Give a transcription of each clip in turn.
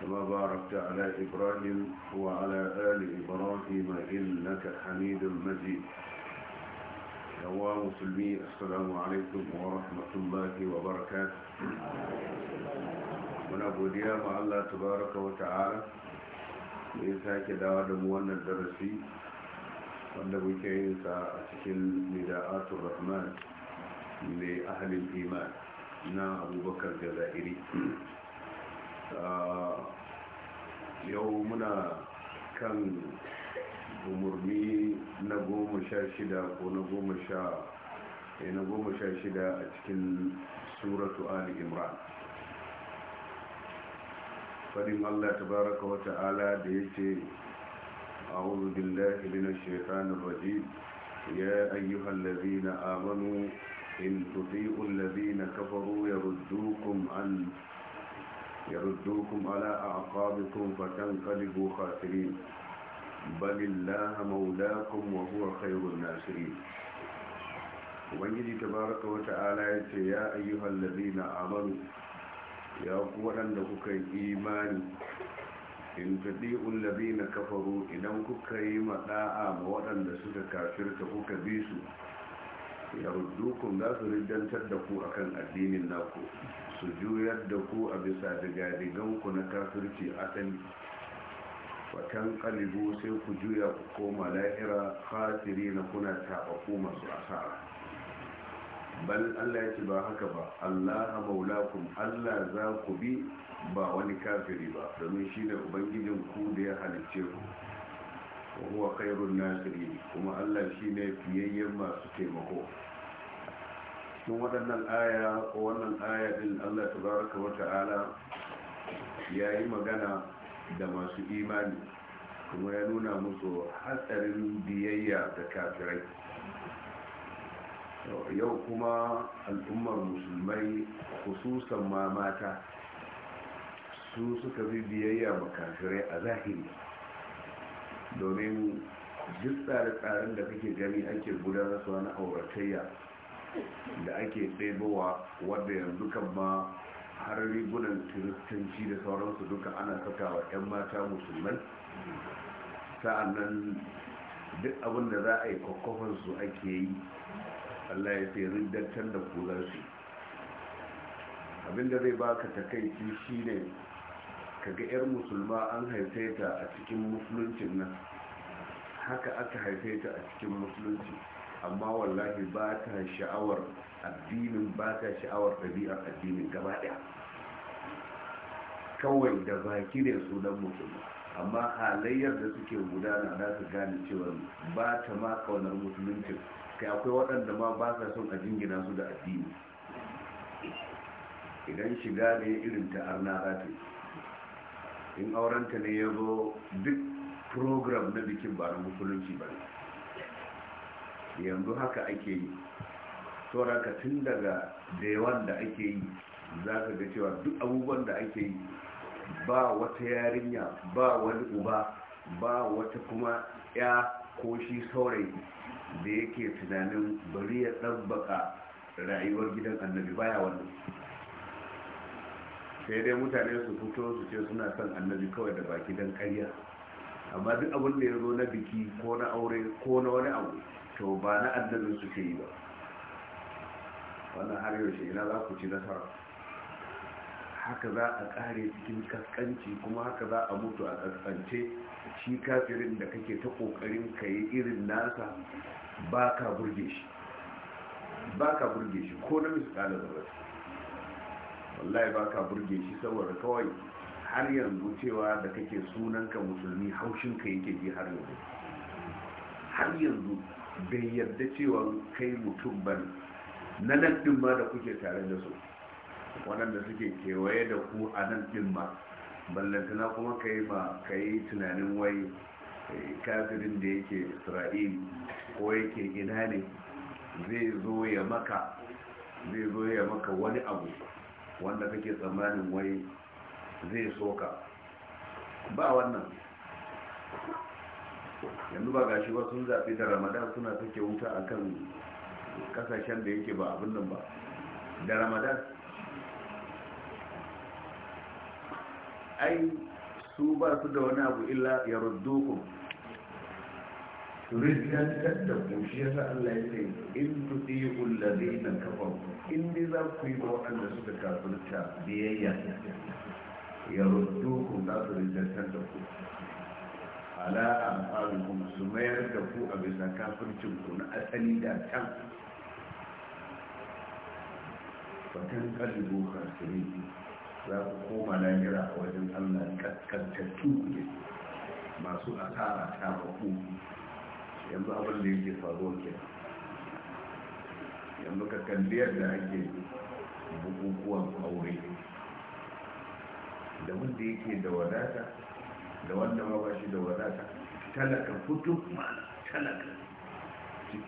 كما باركت على إبراهيم وعلى آل إبراهيم إنك حميد مزيد السلام عليكم ورحمة الله وبركاته ونبو ديام الله تبارك وتعالى إنساك دعوة موانا الدرسي ونبو كإنسا أسكن نداءات الرحمن لأهل الإيمان نا أبو بكر جزائري Ah, yau muna kan umarni na goma sha shida ko na goma sha eh, na goma sha shida a cikin suratu ali imran fadin allah ta baraka wata ala da ya ce a wurin lahirinan shekarar waje ya ayyuhan lazi na amanu in tufi ulazi na kafaru ya rujjukun an يردوكم على أعقابكم فتنقلبوا خاسرين بل الله مولاكم وهو خير الناصرين ubangiji tabaraka wa ta'ala ya ce ya ayyuhal ladina Amadu ya ku waɗanda kuka yi imani in tadi'ul ladina kafaru idan kuka yi maɗa'a ma waɗanda suka kafirta kuka bi su ya rudukun za su riddantar da ku akan addinin naku su juyar da ku a bisa ku na kafirci asali watan kalibu sai ku juya ku koma la'ira khatiri na kuna ku masu asara bal allah ya ba haka ba allah maulakum allah za ku bi ba wani kafiri ba domin shi ne ubangijin ku da ya halicce ku huwa khairun nasiri kuma Allah shine fiyayyen masu taimako cikin waɗannan aya ko wannan aya din Allah tabaraka wa ta'ala yayi magana da masu imani kuma ya nuna musu hatsarin biyayya da kafirai yau kuma al'ummar musulmai hususan ma mata su suka fi biyayya makafirai a zahiri domin duk tsare-tsaren da kake gani ake gudanar su na auratayya da ake tsebowa wadda yanzu kan ma har rigunan kiristanci da sauransu duka ana wa 'yan mata musulman sa'annan duk abin da za a yi kwakwafansu ake yi allah ya fi rindantar da ku abin da zai baka takaici ne. kaga 'yar musulma an haife ta a cikin musuluncin nan haka aka haife ta a cikin musulunci amma wallahi ba ta sha'awar addinin ba ta sha'awar ɗabi'ar addinin gaba ɗaya kawai da baki ne sunan musulma amma halayyar da suke gudana za su gane cewa ba ta ma kaunar musuluncin kai akwai waɗanda ma ba sa son a jingina su da addini idan shiga ne irin ta arna rataye in aurenta ne ya zo duk program na bikin ba na musulunci ba yanzu haka ake yi ka tun daga daewan da ake yi za ka ga cewa duk abubuwan da ake yi ba wata yarinya ba wani uba ba wata kuma ya ko shi saurayi da yake tunanin bari ya ɗabbaka rayuwar gidan annabi baya wannan sai dai mutane su fito su ce suna son annabi kawai da baki don karya amma duk abin da ya zo na biki ko na aure ko na wani abu to ba na annabin su ke yi ba wannan har yaushe ina za ku ci nasara haka za a kare cikin kaskanci kuma haka za a mutu a kaskance shi kafirin da kake ta kokarin ka yi irin nasa ba ka burge shi ba ka burge shi ko na misali da zarar wallahi ba ka burge shi saboda kawai har yanzu cewa da kake sunan ka musulmi haushinka yake ji har yanzu har yanzu bai yarda cewa kai mutum ba na nan ɗin ma da kuke tare da su waɗanda suke kewaye da ku a nan ɗin ma ballantana kuma ka yi ma tunanin wai eh, kafirin da yake isra'il ko yake ina ne zai zo ya maka zai zo ya maka wani abu wanda kake tsammanin wai zai soka ba wannan yanzu ba gashi wasu sun zaɓi da ramadan suna take wuta a kan kasashen da yake ba abin ba da ramadan ai su ba su da wani abu illa ya ku. rizantar da ku shi yasa Allah ya ce in tudiyu alladhina kafaru in dai za ku yi waɗanda suka kafirta biyayya ya ruddu ku za su rizantar da ku ala amfalikum su mayar da ku a bisa kafircin ku na asali da can fatan kalibu kasirin za ku koma lahira a wajen Allah kaskantattu ne masu asara ta baku yanzu abin da yake faruwa ke yanzu ka kandiyar da ake bukukuwan aure da wanda yake da wadata da wanda ma ba shi da wadata talaka fito ma talaka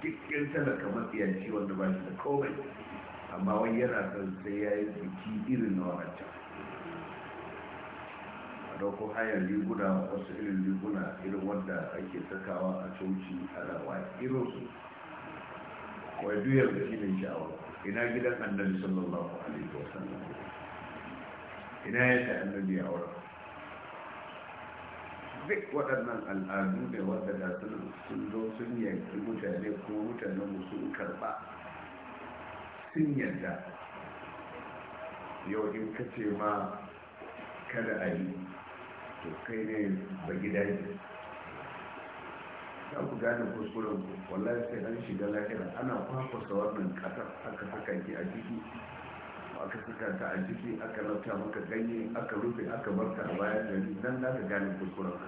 cikin talaka matsiyanci wanda ba shi da komai amma wani yana son sai ya yi biki irin na wancan dauko hayar liguna wasu irin liguna irin wanda ake sakawa a coci a rawa irin su wai duyar da shi ne sha'awa ina gidan annabi sallallahu alaihi wasallam ina ya ta annabi a wurin duk waɗannan al'adu ne wanda da sun zo sun yanki mutane ko mutanen musu karɓa sun yanda yau in ka ce ma kada a yi to kai ne ba gida ne ta ku gane kuskuren ku wallahi sai an shiga lahira ana kwakwasa wannan kasar aka saka ki a ciki aka saka ta a ciki aka lauta maka ganye aka rufe aka barka a bayan gari nan za ka gane kuskuren ka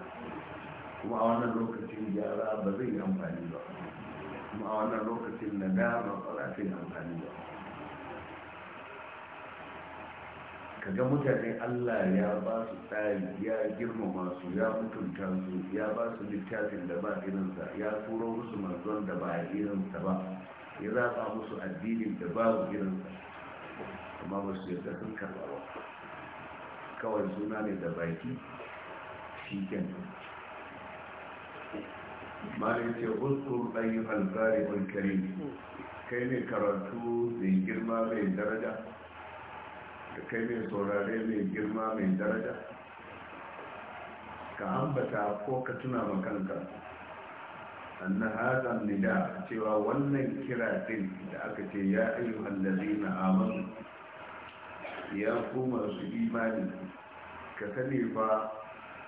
kuma a wannan lokacin yara ba zai yi amfani ba kuma a wannan lokacin dama ba za ta yi amfani ba kaga mutane allah ya ba su tsari ya girmama su ya mutunta su ya ba su littafin da ba irinsa ya turo musu manzon da ba irinsa ba ya zaɓa musu addinin da ba irinsa amma ba su yadda sun karɓa ba kawai suna ne da baki shi kenan malin ce hulkur ɗayi halbari bulkari kai ne karatu mai girma mai daraja ka kai mai saurare mai girma mai daraja ka hambata ko ka tuna ma kanka anna hadha da cewa wannan kira din da aka ce ya ayyuhal na amanu ya ku su imani ka sani ba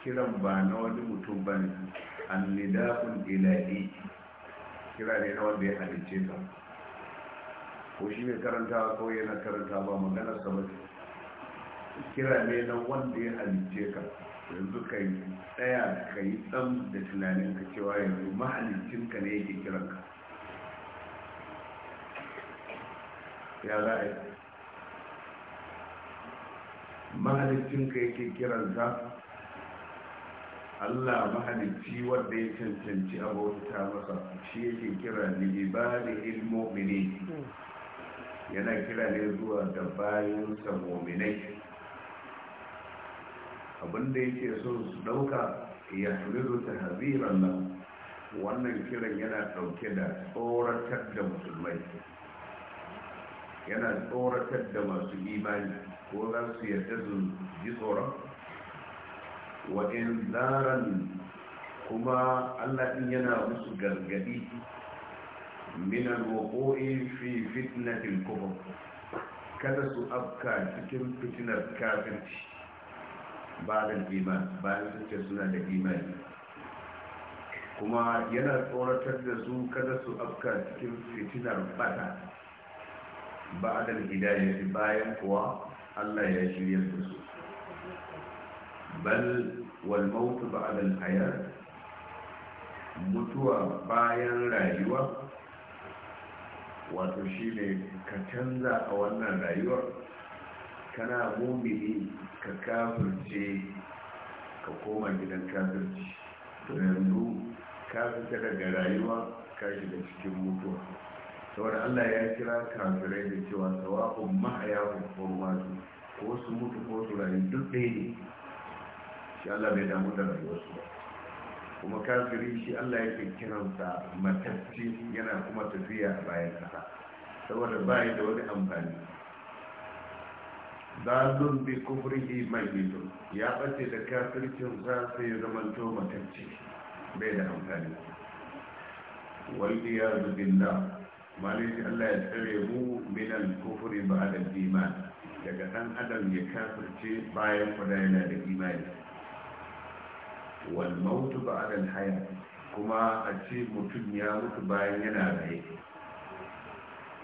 kiran ba na wani mutum ba ne annida'un ilahi kira ne na wanda ya halice ko shi mai karanta ko yana karanta ba maganar ka ba kira ne na wanda ya halice ka yanzu ka yi tsaya ka yi tsam da tunanin ka cewa yanzu mahalicin ka ne yake kiran ka ya za a yi mahalicin ka yake kiran ka Allah mahalicci wanda ya cancanci abota masa shi yake kira ilmo ilmomini yana kira ne zuwa da bayansa mominai abinda yake so su dauka ya turizu ta haziran nan wannan kiran yana dauke da tsoratar da musulmai yana tsoratar da masu imani ko za su yarda su ji tsoron wa'in zaran kuma allah din yana musu gargadi min al fi fitnatin kuma. kada su afka cikin fitinar kafirci ba da iman bayan sun ce suna da imani kuma yana tsoratar da su kada su afka cikin fitinar bata ba ya hidayati bayan kuwa Allah ya shirya da su bal wal maut ba'da al mutuwa bayan rayuwa wato ne ka canza a wannan rayuwar kana mummini ka kafirce ka koma gidan kafirci to yanzu kafirce daga rayuwa ka da cikin mutuwa saboda Allah ya kira kafirai da cewa sawa'un mahaya ko su, ko su mutu ko su rayu duk ɗaya ne shi Allah bai damu da rayuwarsu ba kuma kafiri shi Allah yake kiransa matacce yana kuma tafiya a bayan kasa saboda bai da wani amfani dalun bi kufrihi majidun ya bace da kafircin sa sai ya zamanto matacce bai da amfani wal iyad billah Allah ya tsare mu min al kufri ba da iman daga dan adam ya kafirce bayan kuda yana da imani wal maut ba'da al hayat kuma a ce mutum ya mutu bayan yana raye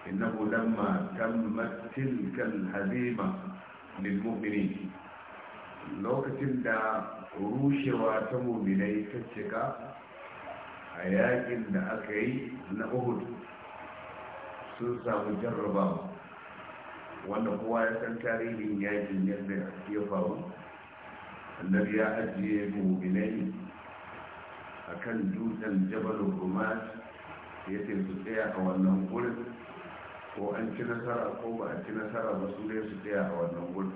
innahu lamma tammat tilkal hazima lilmu'minin lokacin da rushewa ta muminai ta cika a yakin da aka yi na uhud sun samu jarrabawa wanda kowa ya san tarihin yakin yadda ya faru annabi ya ajiye muminai a kan dutsen jabal rumat ya su tsaya a wannan wurin an ci nasara ko ba a ci nasara ba su dai su tsaya a wannan gudu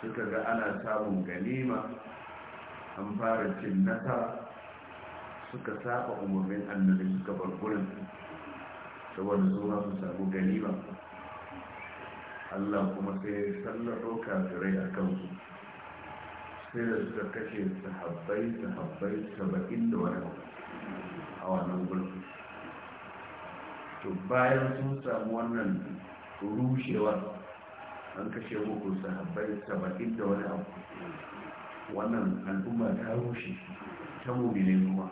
suka ga ana samun ganima an fara cin nasara suka saba umarnin annabi suka bar gurin saboda zuwa su samu ganima Allah kuma sai sallaro kafirai a kansu sai da suka kashe sahabbai sahabbai saba'in da wani a wannan gurin to bayan sun samu wannan rushewar an kashe muku sahabbai sabakin da wani abu wannan al'umma ta rushe ta ne kuma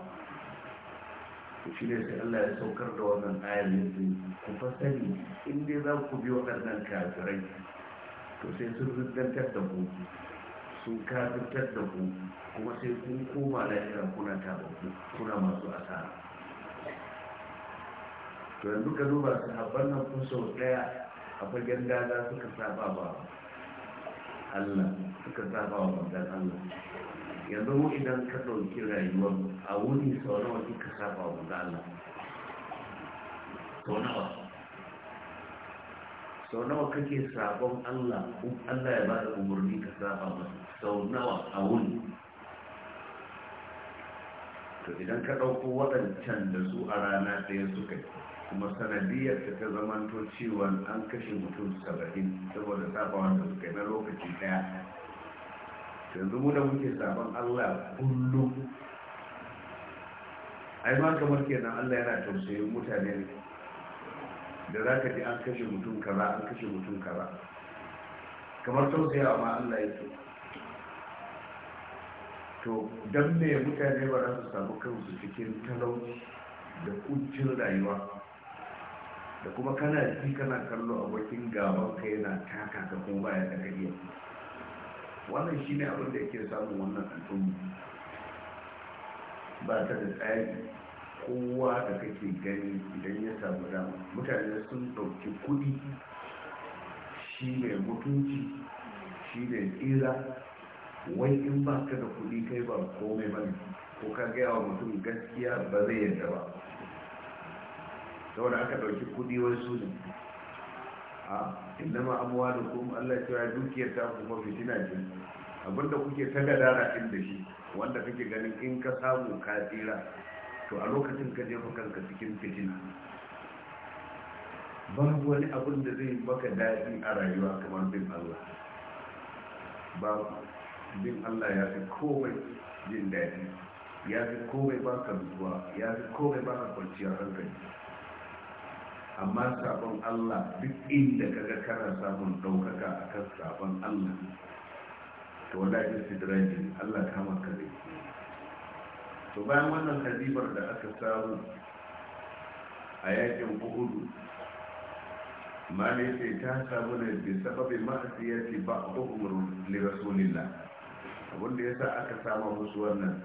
to shi ne sai Allah ya saukar da wannan ayar yanzu ku fa sani in dai za ku biyo waɗannan kafirai to sai sun riddantar da ku sun kafirtar da ku kuma sai kun koma lahira kuna tabaku kuna masu asara to yanzu ka duba su nan kun sau ɗaya a fagen dada suka saba ba Allah suka saba wa wajen Allah yanzu mu idan ka ɗauki rayuwa a wuni sau nawa kika saba wa wajen Allah sau nawa sau nawa kake sabon Allah Allah ya ba da umarni ka saba ba sau nawa a wuni to idan ka ɗauko waɗancan da su a rana ɗaya suka yi kuma sanadiyar ta ta zamanto cewa an kashe mutum saba'in saboda sabawan da suka yi na lokaci daya yanzu mu da muke sabon allah kullum ai ma kamar kenan allah yana tausayin mutane da za ka ji an kashe mutum kaza an kashe mutum kaza kamar tausayawa ma allah yake to don me mutane ba za su samu kansu cikin talauci da kuncin rayuwa da kuma kana ji kana kallo a abokin gaban ka yana taka ka kuma baya da gari wannan shine abin da yake samun wannan al'umma ba ta da tsari kowa da kake gani idan ya samu dama mutane sun ɗauki kuɗi shi mai mutunci shi mai tsira wai in ba ka da kuɗi kai ba komai ba ko ka gaya wa mutum gaskiya ba zai yadda ba saboda aka ɗauki kuɗi wai su ne a ma abuwa da kuma allah cewa dukiyar ta kuma fitina ce abinda kuke ta da ɗin da shi wanda kake ganin in ka samu ka tsira to a lokacin ka jefa kanka cikin fitina babu wani abin da zai maka daɗi a rayuwa kamar bin allah babu bin allah ya fi komai jin daɗi ya fi komai ba ka nutsuwa ya fi komai ba ka kwanciyar hankali amma sabon Allah duk inda kaga kana samun ɗaukaka a kan sabon Allah to wallahi sidraji Allah kama ka zai to bayan wannan kazibar da aka samu a yakin uhudu ne sai ta samu ne bi sababi ma'asiyati ba'dhum li rasulillah abinda yasa aka samu musu wannan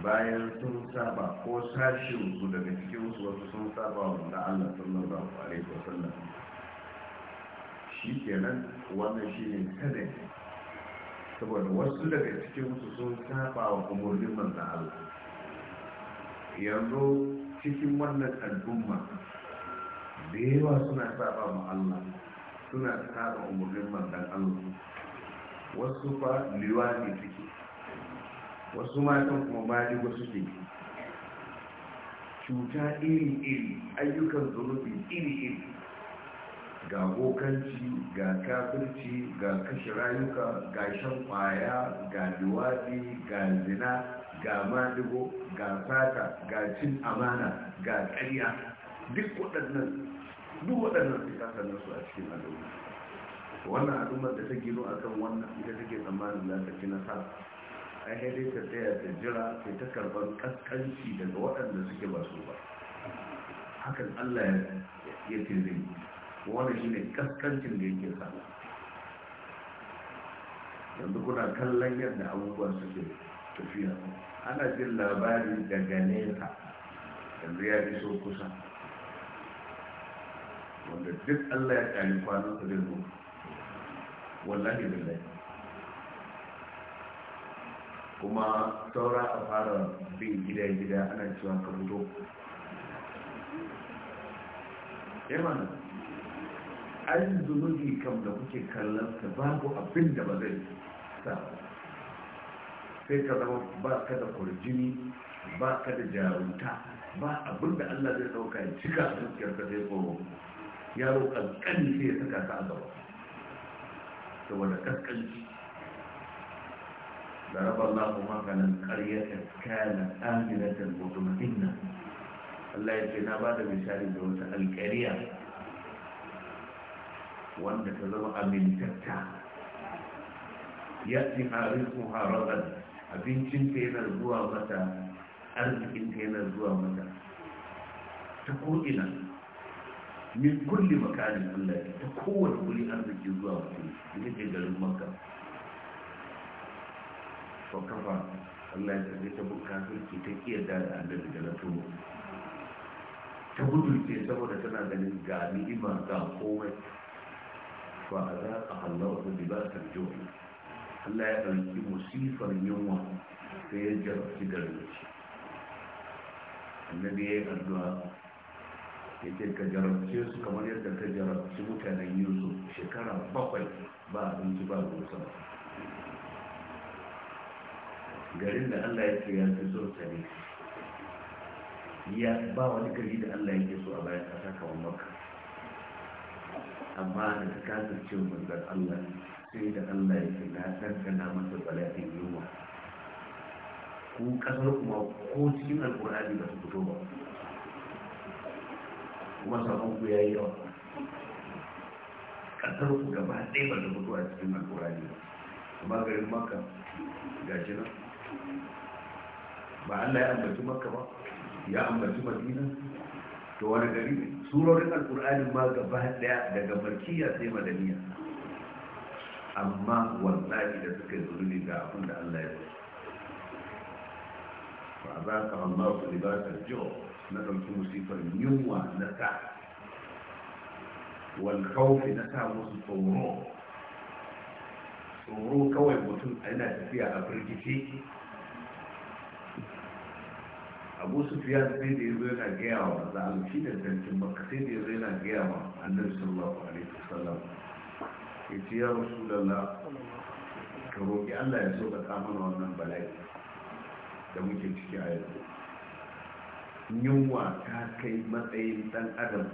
bayan sun saba ko sashin su daga cikin su wasu sun saba wa manzo Allah sallallahu alaihi ke nan, wannan shi ne, kada saboda wasu daga cikin su sun saba wa umurnin manzo Allah yanzu cikin wannan al'umma da yawa suna saba wa Allah suna saba umurnin manzo Allah wasu fa liwani suke wasu matan kuma baligo suke cuta iri-iri ayyukan zunubi iri-iri ga bokanci ga kafirci ga kashe rayuka ga shan kwaya ga duwadi ga zina ga madigo ga sata ga cin amana ga ƙarya duk waɗannan duk waɗannan su su a cikin al'umma wannan al'ummar da ta gino akan wannan ita take tsammanin za ta sa A dai ta tsaya ta jira sai ta karɓar kaskanci daga waɗanda suke ba su ba hakan allah ya ce zai wani shi ne kaskancin da yake sa. yanzu kuna kallon yadda abubuwa suke tafiya ana jin labari daga nesa yanzu ya fi so kusa wanda duk allah ya ƙari kwanan zai zo wallahi billahi kuma saura a fara bin gida-gida ana cewa ka fito yawan eh an zunubi kam da kuke kallon ka babu abin da ba zai sa sai ka zama ba ka da kurjini ba ka da jarunta ba abin da allah zai dauka ya cika a zuciyar ka zai koro yaro kankani sai ya saka ka a gaba saboda kaskanci ضرب الله مثلا قرية كانت آمنة مطمئنة الله يجينا بعد مثال دولة القرية وأنت تضرب من تتا يأتي عارفها رغد أبين شنتين الزوا متى أرض شنتين الزوا متى تقول من كل مكان الله تقول كل أرض الزوا متى يجينا المكان kafa Allah ya karbe ta kafirci ta iya da annabi da lato ta gudu ce saboda tana ganin ga ni'ima ga komai fa a za azaqa Allahu libasal ju'i Allah ya ɗauki musifar yunwa sai ya jarabci da rinci annabi ya yi addu'a ya ce ka jarabce su kamar yadda ka jarabci mutanen yusuf shekara bakwai ba abinci ba ruwa sama garin da Allah ya ya fi so ta ne ya ba wani gari da Allah yake so a bayan ƙasa kamar maka amma da ta kasar cin manzan Allah sai da Allah ya ce na tantana masa bala'in yunwa ku kasar kuma ko cikin alkur'ani ba su fito ba kuma sabon ku ya yi yawa kasar ku gaba ɗaya ba su fito a cikin alkur'ani ba amma garin maka gashi ba Allah ya ambaci makka ba ya ambaci madina to wani gari surorin alkur'anin ma gaba daya daga makiya sai madaniya amma wallahi da suka yi ga abin da Allah ya yi ba za ka Allah su libatar Jo na ɗauki musifar yunwa na ta wal kawfi na ta musu tsoro tsoro kawai mutum yana tafiya a firgice abu sufiyan sai da zo yana gaya wa a shi da zancen baka sai da zo yana gaya wa annabi sallallahu alaihi wasallam ce ya lalla, ka roƙi Allah ya so ka kamar wannan bala'i da muke ciki a yanzu yunwa ta kai matsayin dan adam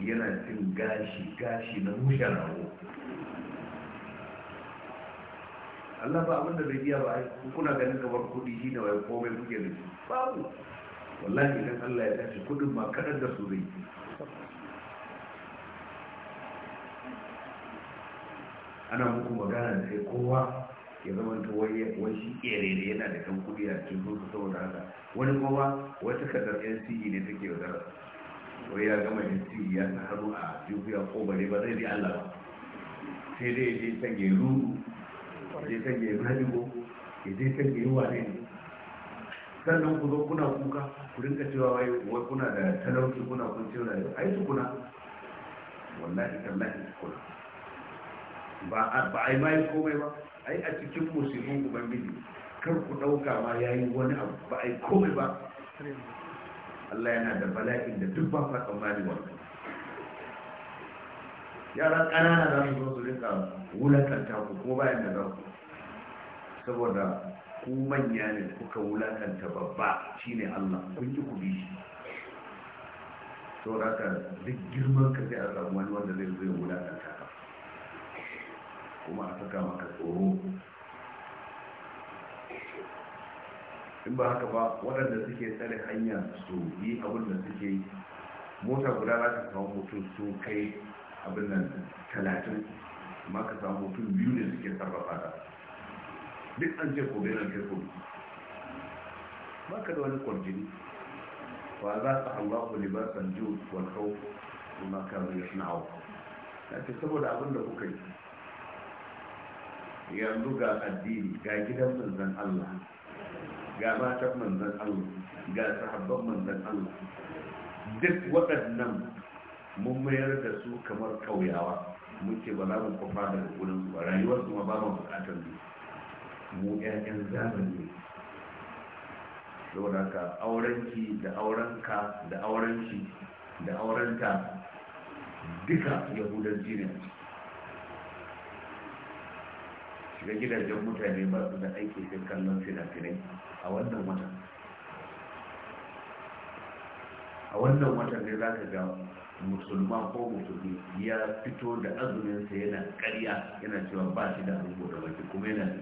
yana cin gashi gashi na musharawo Allah ba abinda bai iya ba kuna ganin kamar kuɗi shi da wai komai kuke da shi babu wallahi idan Allah ya tashi kuɗin ma kaɗan da su zai ana muku magana da sai kowa ya zama ta waye wani ƙerere yana da kan kuɗi a cikin su saboda haka wani kuma wata kadar NCE ne take yaudara wai ya gama NCE ya sa hannu a jihu ya bare ba zai bi Allah ba sai dai ya je ya kan ya ibrahim ko ya je kan yi wane ne sannan ku zo kuna kuka ku rinka cewa wai wai kuna da talauci kuna kun ce rayuwa ai su kuna wallahi tallahi su kuna ba ba ai mai komai ba ai a cikin musulmin ubangiji kar ku dauka ma yayi wani abu ba ai komai ba Allah yana da bala'in da duk ba ka tsammani wannan yaran ƙanana za su zo su rinka wulakanta ku ko bayan da za ku saboda ku manya ne kuka wulakanta babba shine Allah kun ki ku bi shi saboda haka duk girman ka zai a wani wanda zai zo ya wulakanta ka kuma a saka maka tsoro in ba haka ba waɗanda suke tsare hanya su yi abin da suke mota guda za ta kawo mutum su kai abin nan talatin amma ka samu mutum biyu ne suke sarrafa ta duk an ce kobe na kai kobe ba ka da wani kwarjini wa za ta allahu libasan ju wal khawf kuma ka zai sana'u ya ce saboda abin da kuka yi yanzu ga addini ga gidan manzan Allah ga matan manzan Allah ga sahabban manzan Allah duk waɗannan mayar da su kamar kauyawa muke ba za mu kwafa daga gurin su ba rayuwar su ma ba mu bukatar su mu ƴaƴan zamani ne saboda haka aurenki da aurenka da aurenki da aurenta duka yahudanci ne shiga gidajen mutane ba su da aiki sai kallon fina-finai a wannan watan a wannan watan ne za ka ga musulma ko musulmi ya fito da azuminsa yana karya yana cewa ba shi da abubuwa da wajen kuma yana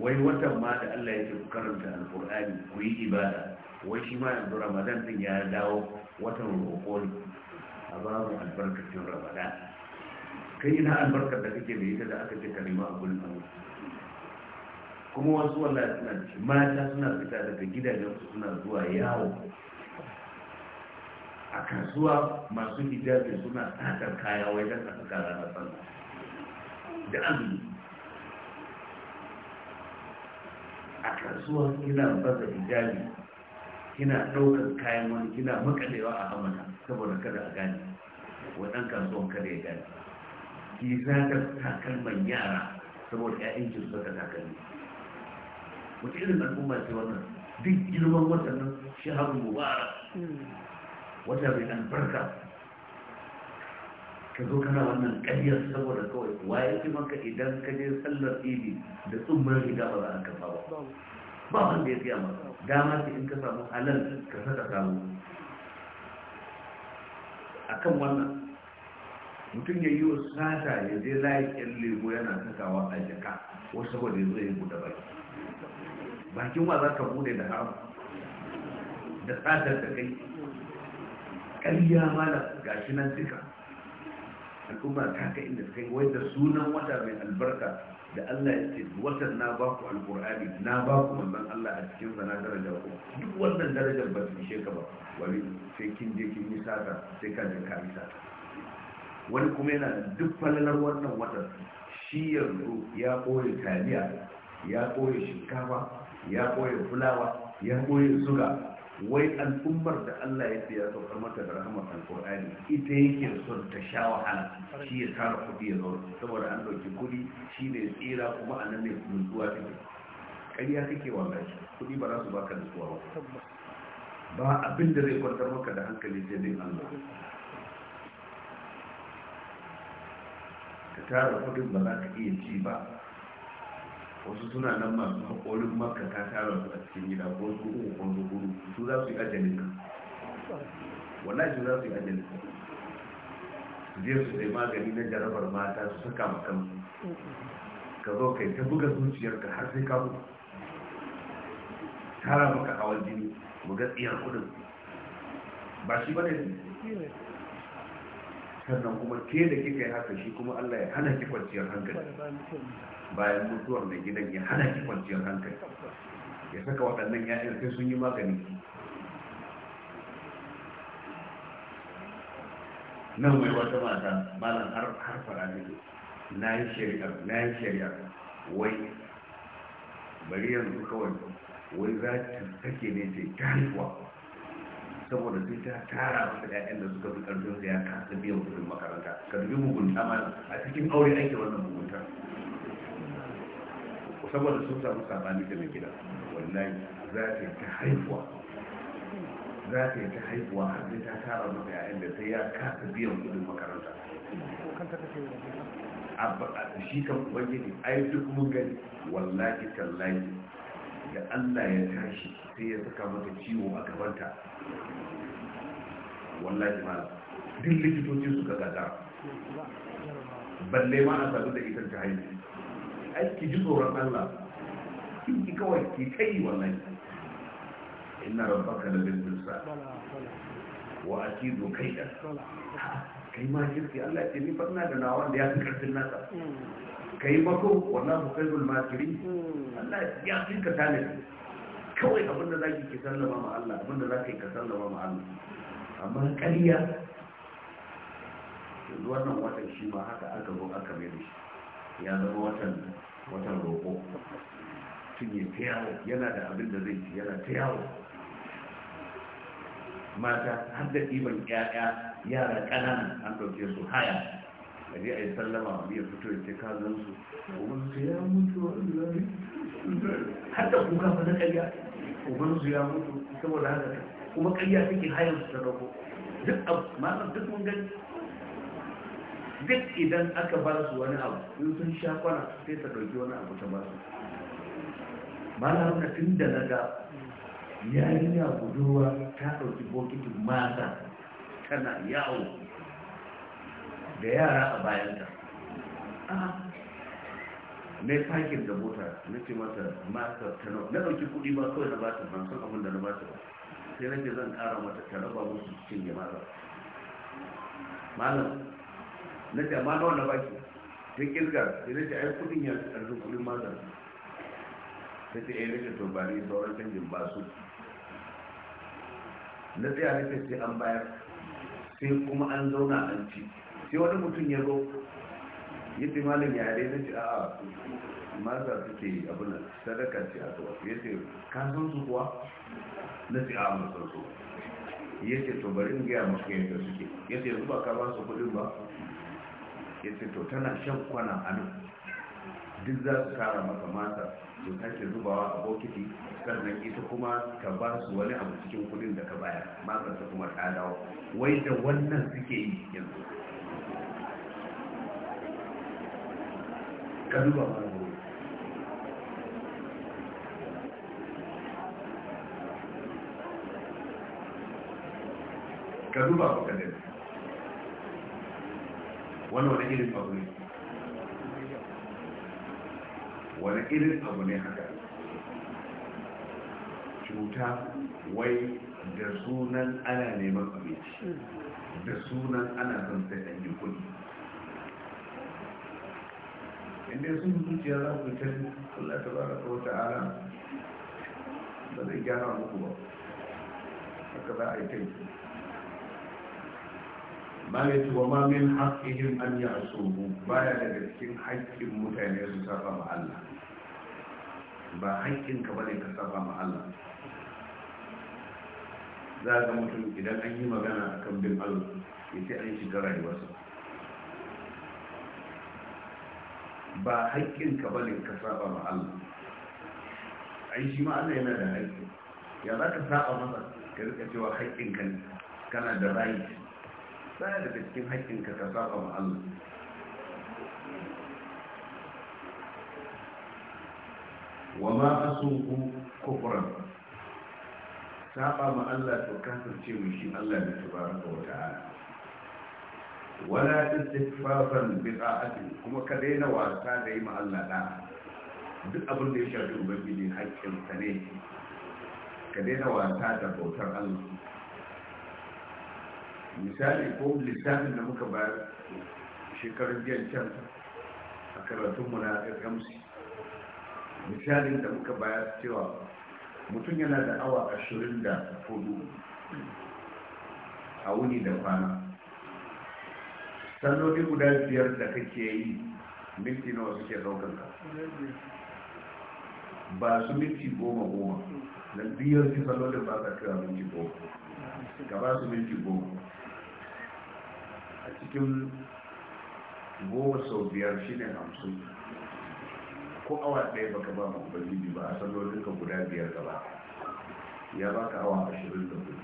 wai watan ma da Allah ya ce ku karanta alkur'ani ku yi ibada wai shi ma yanzu ramadan din ya dawo watan roƙo a babu albarkacin ramadan kai ina albarkar da kake da ita da aka ce kalima a gurin kuma wasu wallahi suna mata suna fita daga gidajensu suna zuwa yawo a kasuwa masu hijabi suna tatar kaya wajen kasu kara na sallah da azumi a kasuwa kina baza hijabi kina ɗaukar kayan wani kina makalewa a amana saboda kada a gane waɗan kasuwan kada ya gane ki za ta takalman yara saboda ƴaƴan ki suka takalmi wata irin al'umma ce wannan duk girman watannan shahararru mubarak hmm. wata mai albarka ka zo kana wannan ƙaryar saboda kawai waye fi maka idan ka je sallar idi da tsumman riga ba za a kafa ba ba wanda ya fiya maka dama ce in ka samu halal ka saka samu a kan wannan mutum ya yi wa sata ya je layi yan lebo yana sakawa a jaka wasu saboda ya zo ya buɗe baki bakin wa za ka buɗe da haram da satar da kai ƙarya mana gashi nan duka al'umma ta kai inda suka yi wai da sunan wata mai albarka da Allah ya ce watan na ba ku alƙur'ani na ba ku manzon Allah a cikin sana daraja ku duk wannan darajar ba su ishe ka ba wani sai kin je kin yi sata sai ka je ka yi sata wani kuma yana duk falalar wannan watan shi yanzu ya ɓoye taliya ya ɓoye shinkafa ya ɓoye fulawa ya ɓoye suga wai al'ummar da Allah ya fiya saukar mata da rahamar alkur'ani ita yake son ta sha wahala shi ya tara kuɗi ya zaune saboda an ɗauki kuɗi shi ne tsira kuma a nan ne nutsuwa take ƙarya kake wallahi kuɗi ba za su baka nutsuwa ba ba abin da zai kwantar maka da hankali sai dai Allah ka tara kuɗin ba za ka iya ci ba wasu suna nan masu haƙorin maka ta tara su a cikin gida ko su uku ko su hudu su za su yi ajalin ka wallahi su za su yi ajalin ka su je su sai magani na jarabar mata su saka ma kansu ka zo kai ta buga zuciyarka har sai ka buga tara maka hawan jini mu ga tsiyar kudin ba shi ba ne sannan kuma ke da kika yi haka shi kuma Allah ya hana ki kwanciyar hankali bayan mutuwar mai gidan ya hana ki kwanciyar hankali ya saka waɗannan ya'yan sai sun yi magani nan mai wata mata malam har har fara ne na yi shari'a na yi shari'a wai bari yanzu kawai wai za ta ke ne ta haifuwa. saboda sai ta tara masa ƴaƴan da suka fi ƙarfin ya kasa biyan kuɗin makaranta ka dubi mugunta ma a cikin aure ake wannan mugunta saboda sun samu sabani da mai gida wallahi za ta yi ta haifuwa za ta yi ta haifuwa har sai ta tara masa ƴaƴan da sai ya kasa biyan kuɗin makaranta shi kan ubangiji ai duk mun gani wallahi tallahi da Allah ya tashi sai ya saka mata ciwo a gabanta wallahi ma duk likitoci suka gaza balle ma a sabu da ita ta haihu ai ki ji tsoron Allah kin ki kawai ki kai wallahi inna rabbaka la bil wa akidu kaida kai ma shirki Allah ce ni fadna da nawa da ya fi karfin nasa hmm. kai mako wannan gulma makiri hmm. Allah ya fi ka tanadi kawai abin da zaki ki sallama ma Allah abin da zaki ka sallama ma Allah amma ƙarya yanzu wannan watan shi ma haka aka zo aka mai da shi ya zama watan watan roƙo tun ya ta yawo yana da abin da zai ci yana ta yawo mata har da ɗiban 'ya'ya yara ƙanana an ɗauke su haya a je a yi sallama a biya fito ya ce kazan su uban su ya mutu har da kuka fa na ƙarya uban su ya mutu saboda haka kuma ƙarya take hayan su ta dauko duk abu ma'anar duk mun gani duk idan aka ba su wani abu in sun sha kwana sai ta ɗauki wani abu ta ba su na tun da na ga yarinya budurwa ta ɗauki bokitin mata tana yawo da yara a bayanta na fakin da mota na ce mata mata tana na ɗauki kuɗi ba kawai na bata ban san abin da na bata ba sai na ce zan ƙara mata ta ba musu cikin ya mata malam na ce amma nawa na baki ta kirga sai na ce ai kuɗin ya ƙarfin kuɗin mata ta ce eh, ai rikin tubari sauran canjin ba su na tsaya a ce sai an bayar sai kuma an zauna an ci sai wani mutum ya zo ya fi malam ya dai na ci a a maza suke abin da sadaka ce a zuwa ya ce kasan su kuwa na ci a masar su ya ce to bari in gaya masu yadda suke ya ce yanzu ba ka ba su kuɗin ba ya ce to tana shan kwana a nan duk za su kara maka mata su sake zubawa a bokiti sannan ita kuma ka ba su wani abu cikin kudin da ka bayar matar ta kuma ta dawo wai da wannan suke yi yanzu ka duba mana ka duba ka da wani wani irin abu ne wani irin abu ne haka cuta wai da sunan ana neman abinci da sunan ana son sai an yi kudi inda sun zuciya za ku tafi Allah ta bara ko ta ara ba zai gyara muku ba haka za a yi kai Ba ya ci wa ma min haƙƙihim an yi ba ya daga cikin haƙƙin mutane su saba ma Allah ba haƙƙinka ba ne ka saba ma Allah za ga mutum idan an yi magana a kan bin Allah ya ce an shiga rayuwarsa ba haƙƙinka ba ne ka saba ma Allah ai shi ma Allah yana da haƙƙi ya za ka saba masa ka rika cewa haƙƙinka ne kana da rayu baya daga cikin haƙƙinka ka saba ma Allah wa ma asuhu kufran saba ma Allah to kasance mu shi Allah ne tabaraka wa ta'ala wala istikfafan bi ta'ati kuma ka daina wasa da yi ma Allah da duk abin da ya shafi ubangiji haƙƙin sa ne ka daina wasa da bautar Allah misali ko lissafin da muka bayar shekarun jiya can a karatunmu na FMC misalin da muka bayar cewa mutum yana da awa ashirin da hudu a wuni da kwana sannoni guda biyar da kake yi minti nawa suke daukar ka ba su minti goma goma na biyar su sannoni ba ka kira minti goma ka ba su minti goma a cikin goma sau biyar shine hamsin ko awa ɗaya baka ba mu ubangiji ba a sallolin ka guda biyar gaba ya baka awa ashirin da hudu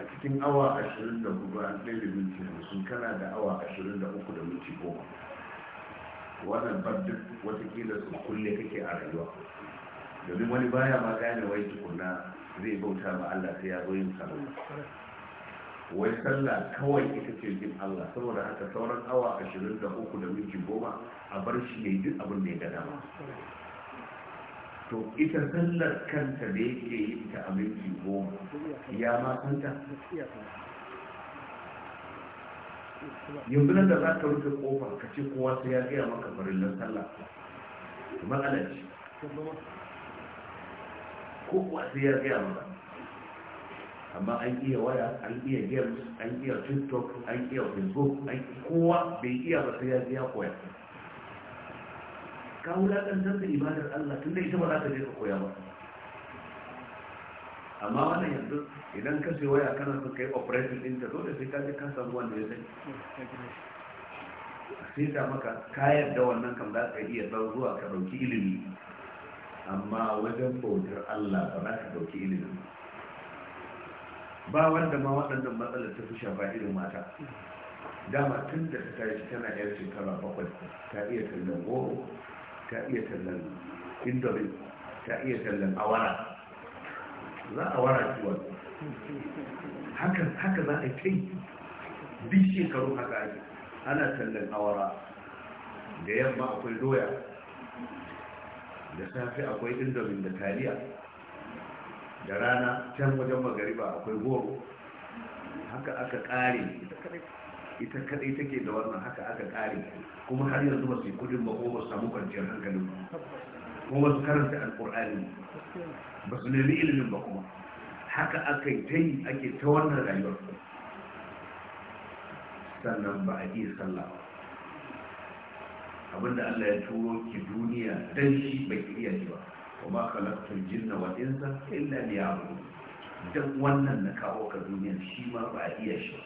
a cikin awa ashirin da hudu an ɗaya da minti hamsin kana da awa ashirin da uku da minti goma wannan ba duk watakila su kulle kake a rayuwa domin wani baya ma gane wai tukuna zai bauta ma Allah sai ya zo yin sallah wai sallah kawai ita ce jin Allah saboda haka sauran awa ashirin da uku da minti goma a bar shi ya yi duk abin da ya gada ba to ita sallar kanta da yake yi ta a minti goma ya ma kanta yanzu nan da za ka rufe kofa ka ce kowa sai ya gaya maka farillan sallah matsala ce kowa sai ya gaya maka amma an iya waya an iya games an iya tiktok an iya facebook an kowa bai iya ba sai ya ji ya koya ka wulaƙantar da ibadar allah tun da ita ba za ta je ka koya ba amma wannan yanzu idan ka sai waya kana so kai operating din ta dole sai ka je ka samu wanda ya sai sai da maka kayar da wannan kan za ka iya zuwa ka ɗauki ilimi amma wajen bautar allah ba za ka ɗauki ilimi ba wanda ma waɗannan matsalar ta fi shafa irin mata dama tun da ta tashi tana yar shekara bakwai ta iya tallan goro ta iya tallan indomin, ta iya tallan awara za a wara ciwon haka za a kai duk shekaru haka ake ana tallan awara da yamma akwai doya da safe akwai indomin da taliya da rana can wajen magariba akwai goro haka aka kare ita kadai take da wannan haka aka kare kuma har yanzu ba su yi kudin ba ko ba su samu kwanciyar hankalin ba ko ba su karanta alkur'ani ba su nemi ilimin ba kuma haka aka yi ta yi ake ta wannan rayuwar sannan ba a iya sallah abinda allah ya turo ki duniya don shi bai iya ji ba kuma khalaqtul jinna wa insa illa liya'budun dan wannan na kawo ka duniya shi ma ba iya shi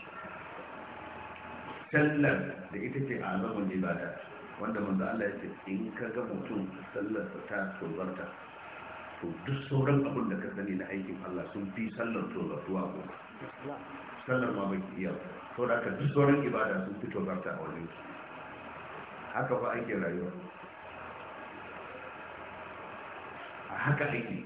sallar da ita ce a zaman ibada wanda manzo Allah ya ce in ka ga mutum sallar ta tsobarta to duk sauran abun da ka sani na aikin Allah sun fi sallar tozartuwa ko sallar ma bai iya to da ka duk sauran ibada sun fi tozarta a wajen haka ba ake rayuwa haka ake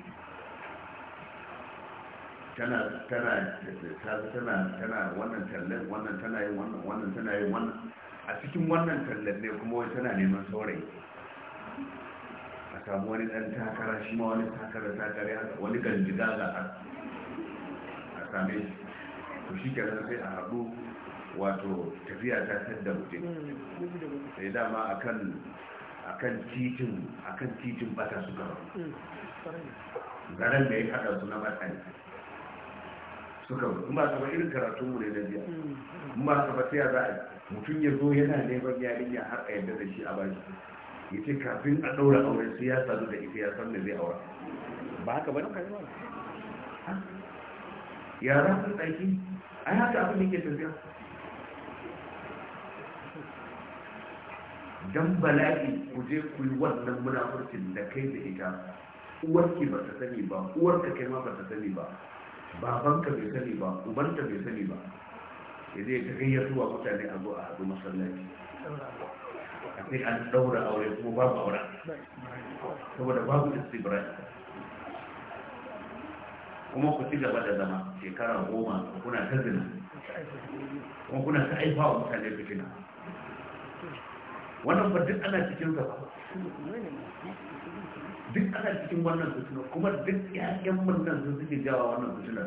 tana tana tana tana wannan tallan wannan tana yin wannan wannan tana yin wannan a cikin wannan tallan ne kuma wai tana neman saurayi a samu wani dan takara shi ma wani takara takara wani ganjiga ga a same shi to shi nan sai a haɗu wato tafiya ta tadda mutum sai dama akan akan titin akan titin bata suka ba garin da ya haɗa su na matsayi suka in ba su ba irin karatun mu ne na biya in ba ka ba sai za a mutum ya zo yana neman yarinya har a yadda da shi a bashi ya ce kafin a ɗaura auren sai ya sadu da ita ya san da zai aura ba haka ba na kai ba yara sun tsaki ai haka abin da ke tafiya dan bala'i ku je ku yi wannan munafurcin da kai da ita uwarki ba ta sani ba uwarka kai ma ba ta sani ba babanka bai sani ba ubanta bai sani ba sai zai ta gayyar zuwa mutane a zo a haɗu masallaci a sai an ɗaura aure kuma babu aure saboda babu istibrai kuma ku ci gaba da zama shekara goma kuna ta zina kuma kuna ta aifawa mutane fitina wannan ba duk ana cikin ba duk ana cikin wannan fitina kuma duk ƴaƴan mun nan sun suke jawa wannan fitina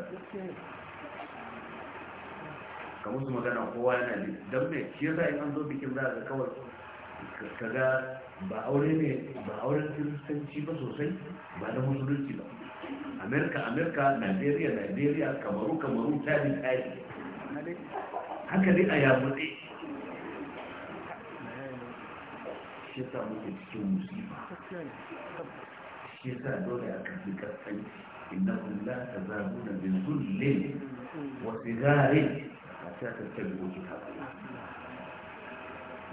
kamar su magana kowa yana ne don me shi yasa in an zo bikin za ka kawai ka ga ba aure ne ba auren kiristanci ba sosai ba na musulunci ba amerika amerika nigeria nigeria kamaru kamaru tari tari haka dai a yamutse shi sa muke cikin musiba shi sa dole a kafi kasai ina kula ta zaguna na bin zulle wasu gare a ta ta wuce kafin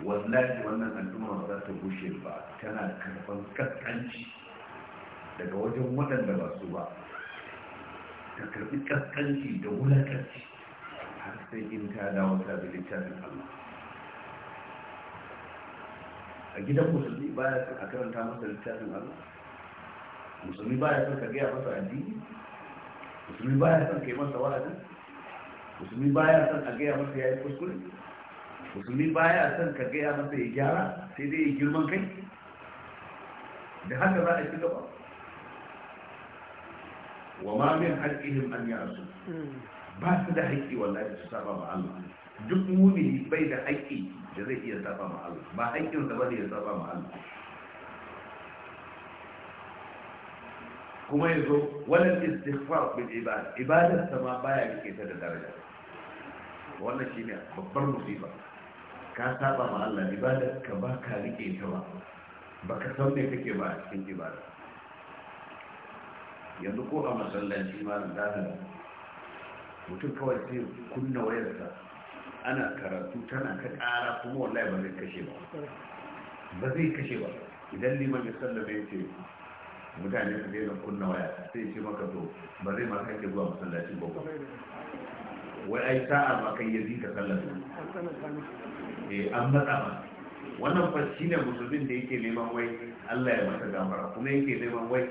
wallahi wannan al'umma za ta bushe ba tana karban ƙasƙanci daga wajen waɗanda ba su ba ta karɓi ƙasƙanci da wulakanci har sai in ta dawo ta bi littafin allah a gidan musulmi baya son a karanta masa littafin Allah musulmi baya son ka gaya masa addini musulmi baya son ka yi masa wa'azi musulmi baya son a gaya masa ya kuskure musulmi baya son ka gaya masa ya gyara sai dai ya girman kai da haka za a ci gaba wa ma min haƙƙihim an yasu hmm. ba su da haƙƙi wallahi su saba ma Allah duk mumini bai da haƙƙi da zai iya saba ma Allah ba haƙƙinsa ba ne ya saba ma Allah kuma ya zo wannan istighfar bil ibada ibadar ma baya rike ta da daraja wannan shine babbar musiba ka saba ma Allah ibadar ka ba ka rike ta ba baka san me kake ba cikin ibada yanzu ko a masallaci ma da mutum kawai sai kunna wayarsa ana karatu tana ta ƙara kuma wallahi ba zai kashe ba ba zai kashe ba idan liman ya sallama ya ce mutane su daina kunna waya sai ce maka to ba zai maka sake zuwa masallaci ba wai ai sa'a ba kai ya zika sallar eh an matsa ba wannan fa shine musulmin da yake neman wai Allah ya masa gamara kuma yake neman wai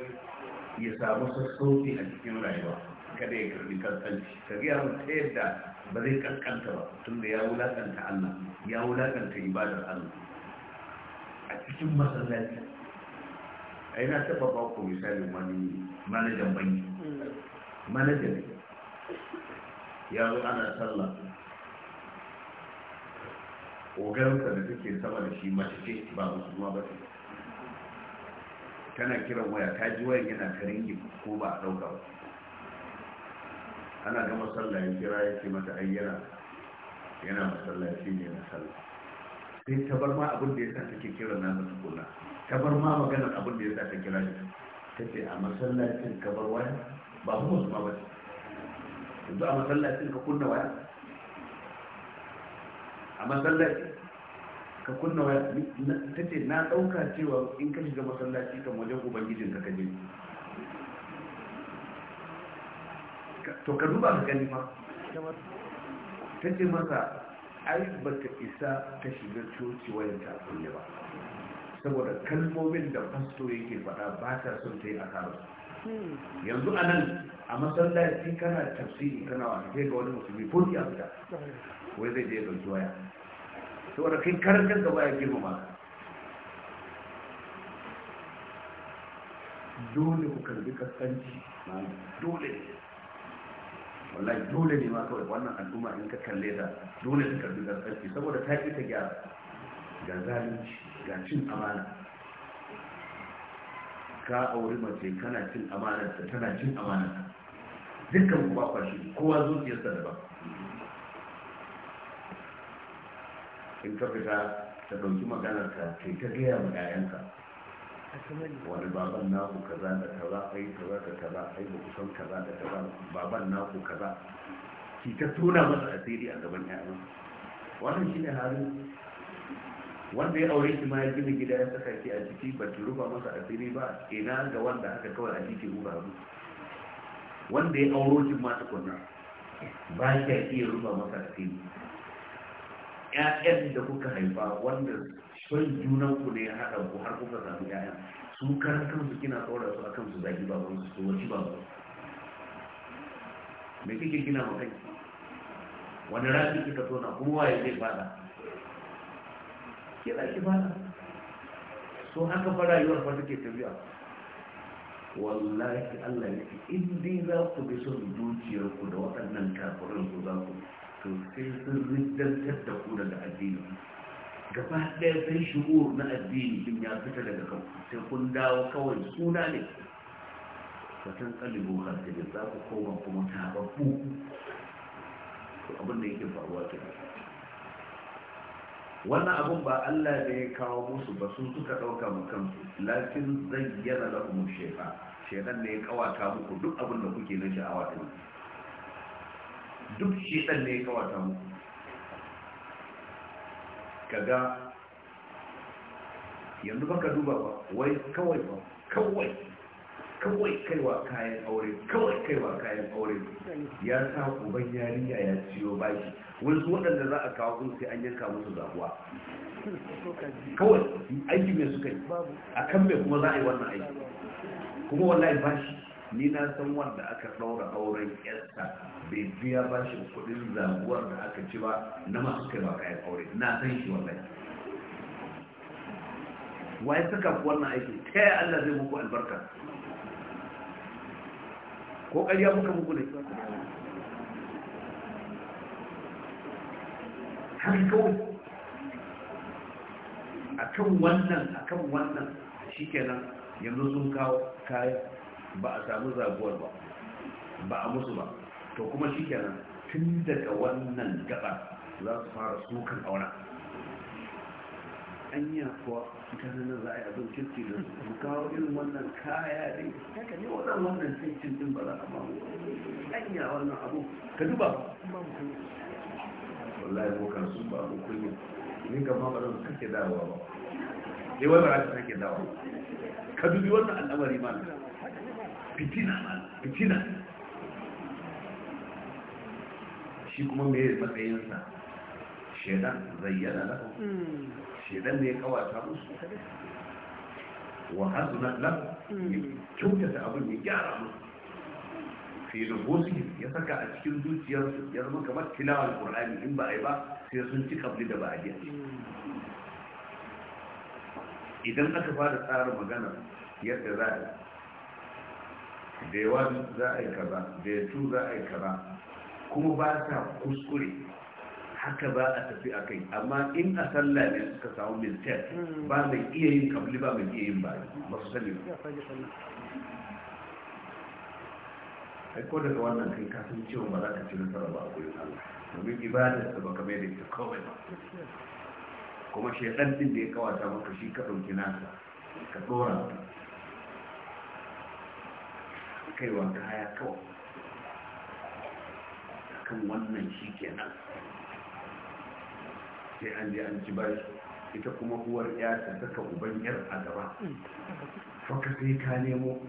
ya samu sassauci a cikin rayuwa kada ya karbi kaskanci ka ga ta yadda ba zai kaskanta ba tun da ya wulakanta Allah ya wulakanta ibadar Allah a cikin masallaci a yana taɓa ba ku misali wani manajan banki manajan ya zo ana sallah ogarinsa da take sama da shi mace ce ba musulma ba tana kiran waya ta ji wayan yana karin ringi ko ba a ɗauka ba ana gama sallah ya kira ya ce mata ayyana yana masallaci ne na sallah sai ta bar ma abin da ya sa take kira na da tukuna ta bar ma maganar abin da ya sa ta kira shi ta ce a masallacin ka bar waya ba kuma su ba ce yanzu a masallacin ka kunna waya a masallaci ka kunna waya ta ce na ɗauka cewa in ka shiga masallaci kan wajen ubangijin ka kaje to ka duba ka gani ma ta ce masa ai ba ta isa ta shiga coci wayan ta kulle ba saboda kalmomin da fasto yake faɗa ba ta son ta yi a karar yanzu a nan a masallaci kana tafsiri kana wa ta ga wani musulmi ko ya fita wai zai je ga ya? saboda kai karkar da gaba ya girmama dole ku karbi kaskanci dole wallahi dole ne ma kawai wannan al'umma in ka kalle da dole su karbi karfi saboda ta ƙi ta gyara ga zalunci ga cin amana ka auri mace kana cin amana ta tana cin amana dukkan ku ba kwashi kowa zuciyarsa ba in ka fita ta dauki maganar ka kai ta gaya ma 'ya'yanka wani baban naku kaza da kaza ai kaza da kaza ai ba ku san kaza da kaza baban naku kaza ki ta tona masa asiri a gaban ƴaƴan wannan shi ne harin wanda ya aure shi ma ya gina gida ya saka ki a ciki ba ki rufa masa asiri ba ina ga wanda haka kawai a ciki rufa abu wanda ya auro shi ma tukunna ba shi ya iya rufa masa asiri ƴaƴan da kuka haifa wanda son junan ku ne ya haɗa ku har kuka samu yaya su karan kansu kina tsora su akan su zagi baban su su ba baban me kike kina ma kai wani rafi kika tona kuma waye zai bada ke ki bada so haka fa rayuwar fa take tafiya wallahi Allah ya ce in dai za ku bi son dukiyar ku da waɗannan kafirin ku za ku to sai sun riddantar da ku daga addini gaba ɗaya sai shuhur na addini din ya fita daga kan sai kun dawo kawai suna ne fatan kalibu hankali za ku koma kuma babu to abin da yake faruwa ke wannan abin ba Allah da ya kawo musu ba sun suka ɗauka mu kansu lakin zayyana da kuma shefa shedan ne ya kawata muku duk abin da kuke na sha'awa din duk shedan ne ya kawata muku kaga yanzu baka duba ba wai kawai ba kawai kawai kaiwa kayan aure kawai kaiwa kayan aure ya sa uban yarinya ya ciyo bashi wasu waɗanda za a kawo kuma sai an yanka musu zabuwa kawai aiki mai suka yi a kan mai kuma za a yi wannan aiki kuma wallahi bashi ni na san wanda aka ɗaura auren yarsa bai biya bashin kuɗin zaguwar da aka ci ba na masu kai ba kayan aure na san shi wallahi wai saka ku wannan aiki ta yi Allah zai muku albarka ko ƙarya muka muku ne haka kawai a kan wannan a kan wannan shi kenan, yanzu sun kawo kayan ba a samu zaguwar ba ba a musu ba to kuma shi kenan tun daga wannan gaba za su fara sukan aura anya kuwa ita nan za a yi abin kirki da su kawo irin wannan kaya ne haka ne wannan wannan sai cin din ba za a ba anya wannan abu ka duba wallahi bokan su ba mu kunya ni ga ma ba zan kake dawowa ba eh wai ba za ka sake dawowa ka dubi wannan al'amari ma fitina ba fitina shi kuma mai matsayinsa shaidan zayyana na hmm. shaidan ne ya kawata musu wa na lam hmm. ya kyautata abin ya gyara musu fi nufosi ya saka a cikin zuciyarsu ya zama kamar tilawar qur'ani in ba a yi ba sai sun ci kabli da ba a hmm. idan aka fara tsara magana yadda za a da za a yi kaza da za a yi kaza kuma ba ta kuskure haka ba a tafi a kai amma in a sallah ne suka samu mistake ba mai iya yin kabli ba mai iya yin ba ba su sani ba ai ko daga wannan kai ka san cewa ba za ka ci nasara ba a gurin Allah domin ibada da baka kamar da ita kawai ba kuma shaidan din da ya kawata maka shi ka ɗauki nasa ka dora kaiwa kaya kawai kan wannan shi kenan sai an je an ci bashi ita kuma uwar ya ta saka uban yar a gaba faka sai ka nemo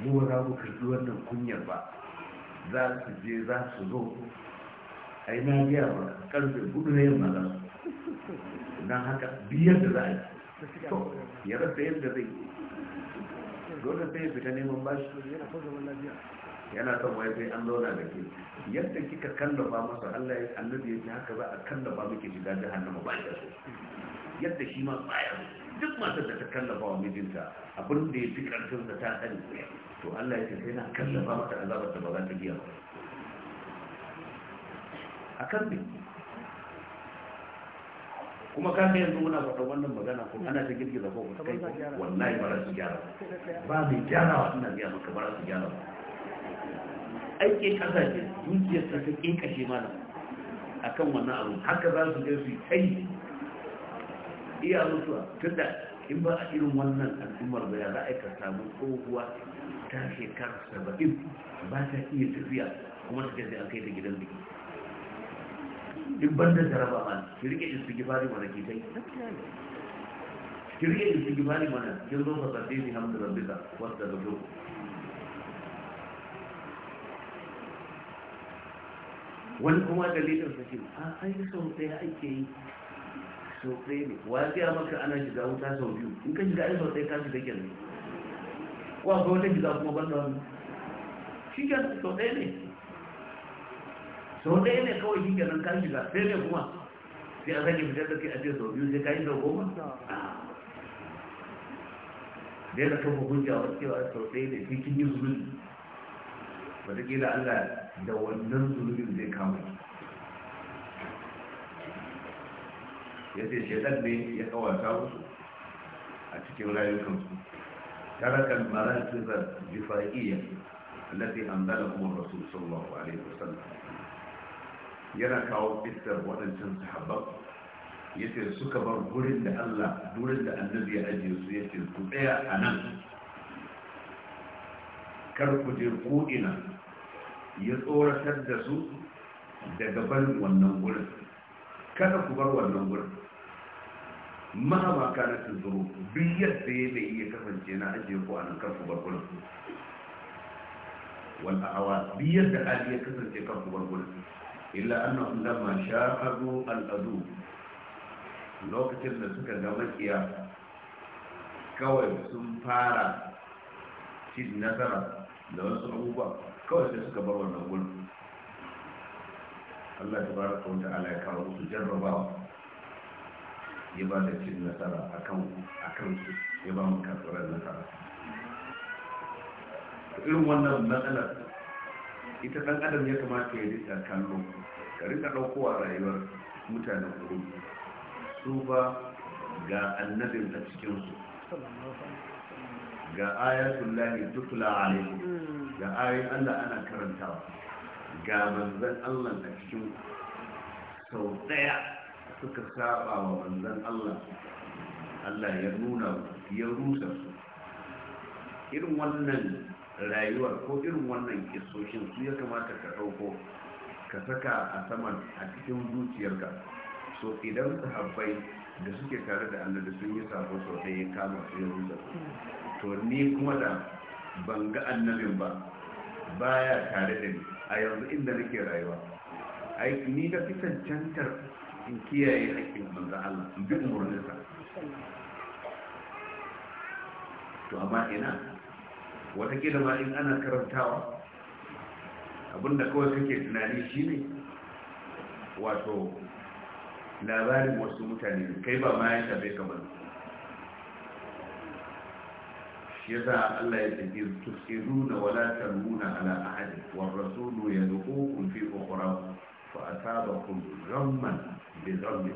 mu ba za mu karbi wannan kunyar ba za su je za su zo a yi nariya ba karfe gudu na yamma za su don haka biyar da za a yi to ya rasa yadda zai dole sai fita neman bashi yana son wai sai an zauna da ke yadda kika kallafa masa Allah ya annabi ya ce haka za a kallafa muke shiga jahannama ba ya so yadda shi ma baya duk matar da ta kallafa wa mijinta abin da ya fi karfin ta sani to Allah ya ce sai na kallafa mata azabar da ba za ta biya ba akan ne kuma ka yanzu muna faɗa wannan magana ko ana ta girgiza ko ba kai wallahi ba za su gyara ba mai gyara wa ina gaya maka ba za su gyara ba aiki kasashe dukiyar ta ta kinkashe mana akan wannan abu haka za su je su kai iya mutuwa tunda in ba a irin wannan al'ummar ba ya za a samu tsohuwa ta shekara saba'in ba ta iya tafiya kuma ta gaza an kai ta gidan biki in ban da jaraba ma ki rike istighfari mana ki kai ki rike istighfari mana kin zo fa sabbi bi hamdi rabbika wasta dubu wani kuma dalilin sa ce a ai sau sai ake yi sau ɗaya ne wa ya gaya maka ana shiga wuta sau biyu in ka shiga ai sau ɗaya ka shiga kenan ko akwai wata shiga kuma ban da wani shi ke sau ɗaya ne sau ɗaya ne kawai shi nan kan shiga sai ne kuma sai a sake fitar da ke a sau biyu sai ka yi goma da yana kafa hujja wasu cewa sau ɗaya ne sai kin yi zunubi wataƙila Allah da wannan zunubin zai kama ya ce shaidar ne ya kawata musu a cikin rayukansu ترك المراكز الدفاعية التي أنزلهم الرسول صلى الله عليه وسلم yana kawo fiskar waɗancan sahabban ce suka bar gurin da Allah gurin da annabi ya ajiye su yace ku tsaya a nan kar ku je ko ina ya tsoratar da su daga barin wannan gurin kada ku bar wannan gurin mahama na ta zuru duk yadda ya bai iya kasance na ajiye ku a nan kar ku bar gurin wal awa biyar da ali ya kasance kar ku bar gurin illa annahum lamma shahadu al-adu lokacin da suka ga makiya kawai sun fara cin nasara da wasu abubuwa kawai sai suka bar wannan gulbi Allah ta baraka wa ta'ala ya kawo musu jarrabawa ya ba da cin nasara a kan su ya ba mu karɓar nasara irin wannan matsalar ita dan adam ya kamata ya rika kallo ka rika ɗauko a rayuwar mutanen kudu su ba ga annabin a cikinsu ga ayatun lahi tukula alaihi ga ayoyin allah ana karantawa ga manzan allah a cikin sau daya suka saba wa manzan allah allah ya nuna ya rusa su irin wannan rayuwar ko irin wannan kisoshin su ya kamata ka ɗauko ka saka a saman a cikin zuciyarka so idan sahabbai da suke tare da annabi sun yi sabo sau da ya kama su ya rusa to ni kuma da ban ga annabin ba baya tare da ni a yanzu inda nake rayuwa ai ni da fitan cantar in kiyaye aikin manzo Allah in bi to amma ina watakila ma in ana karantawa abinda kawai kake tunani shine wato labarin wasu mutane kai ba ma da shafe kamar shi yasa Allah ya tafi na wala tarmuna ala ahad war rasulu yadhuqukum fi ukhra fa kun, ghamman bi dhanbi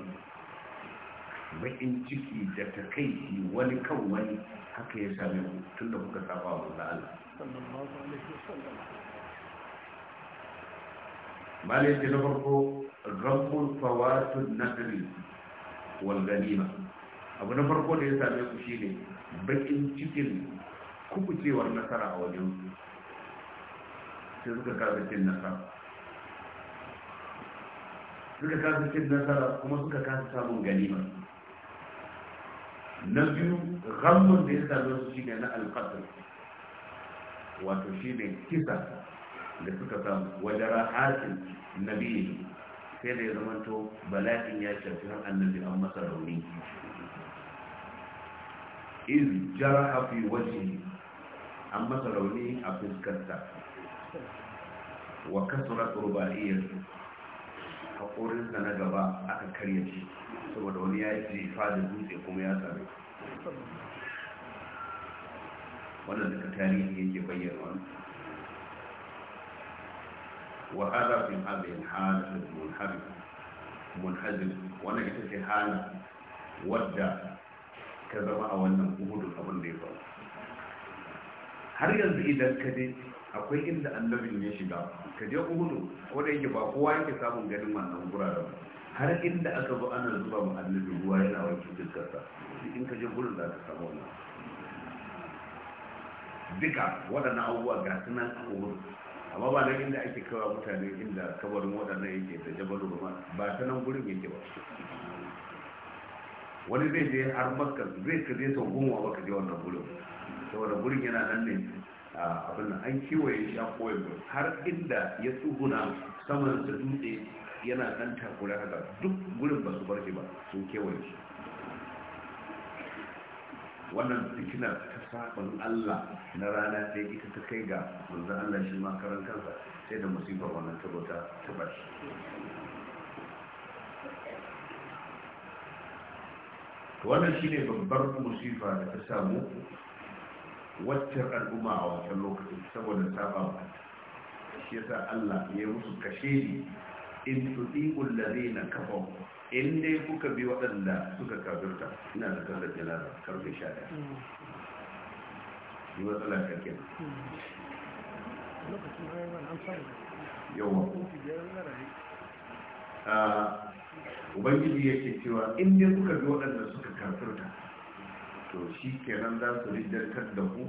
bakin ciki da takaici wani kan wani haka ya same ku tun da kuka saba wa wanda Allah mali ce na farko rabbul fawatun nadri wal ganima abu na farko da ya same ku shine bakin cikin kubucewar nasara a wajen sai suka kasa cin nasara suka kasa cin nasara kuma suka kasa samun ganima na biyu ghammun da ya sami su shine na alqatl wato ne kisa da suka samu wajara hasil nabi sai da ya zamanto bala'in ya shafi har annabi an masa rauni iz jara hafi waje an masa rauni a fuskarsa wa kasurat ruba'iyyah haƙorinsa na gaba aka karye shi saboda wani ya yi fada dutse kuma ya sami wannan duka tarihi yake bayyana wani wa hada fi hadhihi al-halat al-munhadith munhadith wannan ita ce hala wadda ka zama a wannan uhudun abin da ya faru har yanzu idan ka dai akwai inda annabin ya shiga ka je uhudu ko da yake ba kowa yake samun ganin wannan guraren har inda aka zo ana zuba mu annabi ruwa yana wanke fuskarsa in ka je gurin za ka samu wannan duka waɗannan abubuwa ga sunan uhudu amma ba nan inda ake kawo mutane inda kabarin waɗannan yake da jabalu ba ba ta nan gurin yake ba wani zai je har makka zai ka je sau goma ba ka je wannan gurin saboda gurin yana nan ne abin an kiwaye shi an koyar har inda ya tsuguna saman su dutse yana dan takura haka duk gurin ba su barke ba sun kewaye shi wannan fitina ta sakon Allah na rana ta ita ta kai ga manzon Allah shi ma kansa sai da musibar wannan ta ta bashi wannan shi ne babbar musifa da ta samu waccan al'umma a wancan lokacin saboda saba shi yasa Allah ya musu kashe ni in tudiqul ladina kafaru in dai kuka bi waɗanda suka kafirta ina da kan rajala karfe 11 yi matsala ka ke yawa ah, ubangiji yake cewa in dai kuka bi waɗanda suka kafirta to shi kenan za su rijartar da ku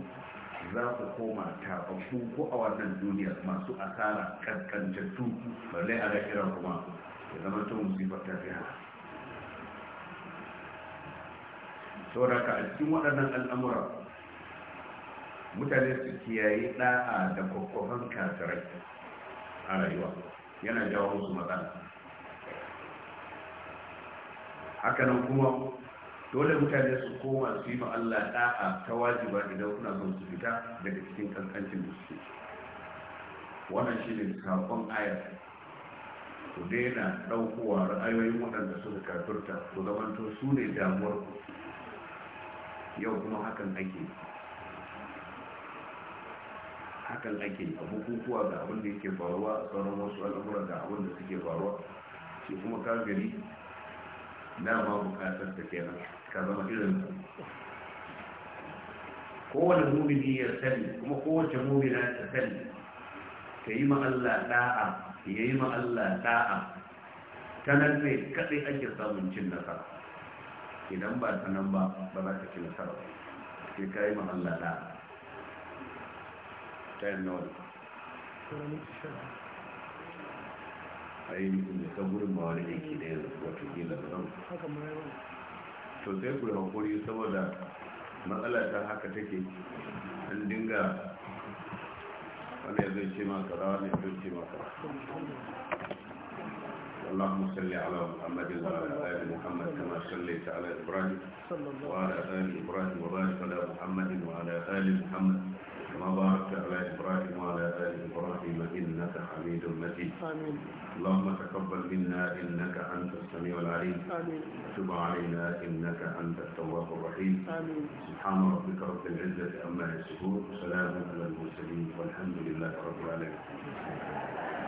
za ku koma tafafu ko a wannan duniya masu asara kankantattu balle a lakira kuma ya zama ta musibar ta fi hana sauraka a cikin waɗannan al'amura mutane su kiyaye ɗa'a da kwakwafan kasarai a rayuwa yana jawo musu matsala hakanan kuma dole mutane su koma su yi Allah ta ta wajiba idan kuna son su fita daga cikin kankancin da suke wannan shi ne sakon ayar ku daina ɗaukowa ra'ayoyin waɗanda suka kafirta ku zamanto su ne damuwar ku yau kuma hakan ake hakan ake a bukukuwa ga abin da yake faruwa a sauran wasu al'amura ga abin da suke faruwa shi kuma na dama bukatar ta kenan ka zama irin kowane mumini ya sani kuma kowace mumina ta sani ka yi ma Allah da'a ya yi ma Allah da'a ta nan ne kaɗai ake samun cin nasara idan ba ta nan ba ba za ka ci nasara ba sai ka yi ma Allah da'a ta yin nawa a yi kuma da ta gurin ba wani yanki da yanzu wato gila da zama to sai ku hankuri saboda matsala ta haka take an dinga wani ya zai ce maka rawa ne zai ce maka اللهم صل على محمد وعلى آل محمد كما صليت على إبراهيم وعلى آل إبراهيم وبارك على محمد وعلى آل محمد كما باركت على إبراهيم وعلى آل إبراهيم إنك حميد مجيد آمين اللهم تقبل منا إنك أنت السميع العليم آمين وتب علينا إنك أنت التواب الرحيم آمين سبحان ربك رب العزة عما يصفون وسلام على المرسلين والحمد لله رب العالمين